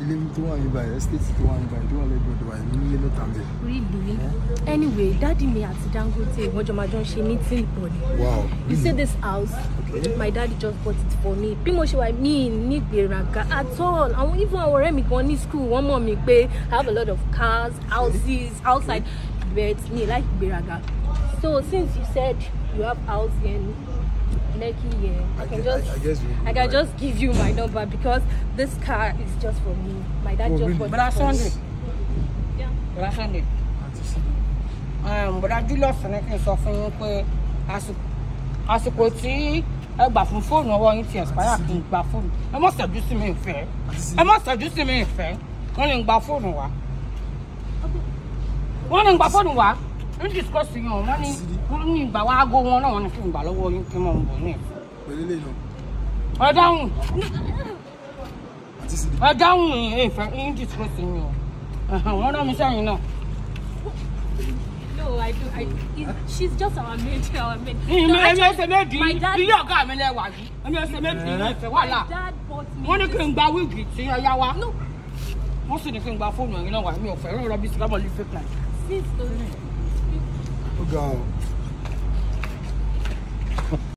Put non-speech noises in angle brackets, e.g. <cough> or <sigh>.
really anyway dadi mi àti dangote wọn jọ máa jọ ń ṣe meeting bọ̀ ni. wow you see this house my daddy just bought it for me bí mo ṣe wà mí nígbèraga at all àwọn even àwọn ọ̀rẹ́ mi kan ní school wọ́n mọ̀ mi pé i have a lot of cars houses outside but me like gbèraga so since you said you have house in Lekki, yeah. I, I can just I, I, guess you, I can right. just give you my number because this car is just for me. My dad just really? bought But um, I found it. Yeah. But I found it. Um, but I do love for nothing so for you pé àsìkò tí ẹ gbà fún fóònù ọwọ́ yín ti expire kí n gba fóònù ẹ mọ̀ ṣẹ́jú sí mi ìfẹ́ ẹ mọ̀ ṣẹ́jú sí mi ìfẹ́ wọ́n lè ń gba fóònù wa wọ́n lè ń gba fóònù wa ń discuss yẹn wọ́n ní wọ́n ní ìgbà wa aago wọn náà wọ́n ní kí n gbà lọ́wọ́ yín kí n mọ̀ ń bọ̀ ní ẹ̀. pẹ̀lú ilé yọ. ẹ dáhùn ẹ dáhùn ẹ fẹ́ ń discuss yẹn o wọ́n rán mi No, I do. I, she's just our maid. <laughs> Our maid. No, I just, my dad. Ilé ọ̀gá mi lẹ wà yìí. Èmi ọ̀sẹ̀ méjì ní ìfẹ́ wàhálà. My dad bought me. Wọ́n ní kí n gba wíìgì tí ó yá wa. No. Wọ́n sì ní kí n gba fóònù ẹ̀yin náà wà. Mi ò fẹ́ràn rọ́bìsì lábọ̀ lè fẹ́ plan. Since the go.